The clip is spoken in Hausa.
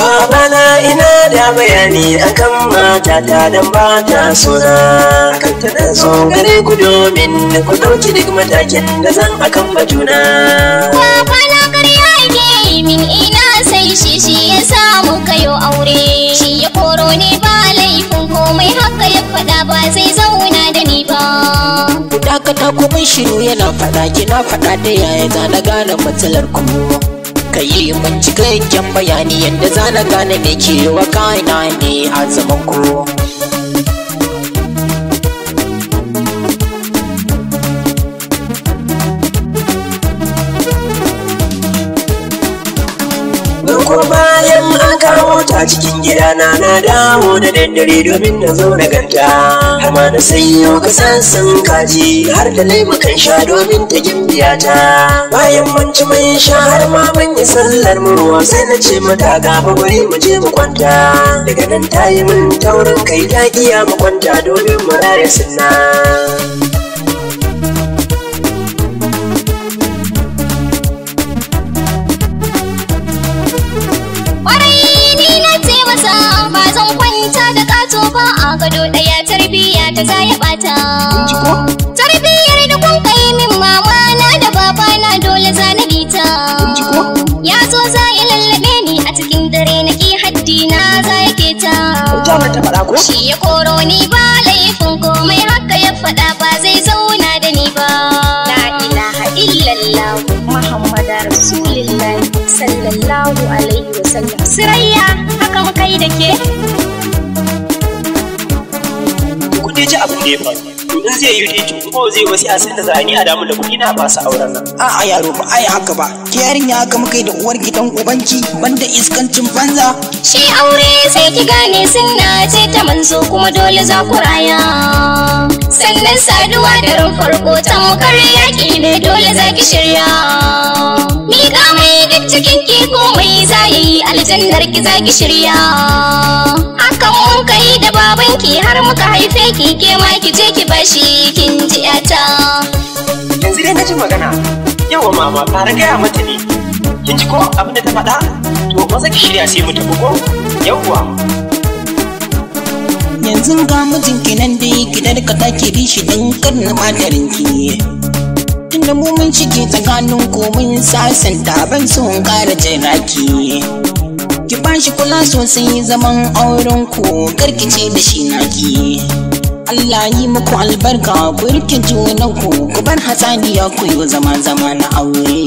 Babana ina da bayani akan mata ta dan ba ta suna Akan ta dan so gare ku domin ku ɗauki duk matakin da zan akan bajuna Babana ƙarya ke min ina sai shi shi ya samu kayo aure Shi ya koro ne ba laifin komai haka ya faɗa ba zai zauna da ni ba Dakata mun shiru yana faɗa kina faɗa da yaya zana gane matsalar kuma ka yi min cikakken bayani yadda zana gane me ke wa kaina ne a zaman ku ta cikin gida na na dawo da daddare domin na zo na ganta har ma na sanyo kasansan kaji har da laimu kan sha domin ta gimbiya ta bayan mun ci mun sha har ma mun yi sallar murwa sai na ce mata gaba bari mu je mu kwanta daga nan ta yi min taurin kai ta iya mu kwanta domin mu rare sunna masa ba zan kwanta da kato ba a gado ɗaya tarbiyya ta zaya bata ɓata. da kun kai min mama na da baba na dole za na bita. Ya zo za ya lallabe ni a cikin dare na ki haddi na za ya keta. Shi ya koro ni ba laifin komai haka ya faɗa ba zai zauna da ni ba. La ilaha illallah Muhammadu Rasulillah sallallahu alaihi wasallam. Sirayya. mu kai da ke. Kudi ji abu ne ba. in zai yi dating ko zai wasi a sai da zani a damu da kuɗi na ba su auren nan a'a yaro ba ai haka ba ki yarin ya gama kai da uwar gidan ubanki banda iskancin banza shi aure sai ki gane sunna ce ta manzo kuma dole za ku raya sannan saduwa da ran farko tamkar yaƙi ne dole za ki shirya ka mai duk cikin ki komai za yi aljannar ki za ki shirya akan da babanki har muka haife ki ke ma ki je ki bashi kin ji ta. Yanzu dai na ji magana yawa mama fara gaya mata ne. Kin ji ko abin da ta faɗa? To maza ki shirya sai mu tafi ko? Yawwa. Yanzu ga ki nan dai ki ka take bi shi din kar matarin ki. Tunda mu mun shige tsakanin komai, mun sasanta ban so in ƙara jin ki bashi kula sosai zaman auren ku karkice da shi naki Allah yi muku albarka ku rike junan ku ku bar hatsaniya ku yi zama zama na aure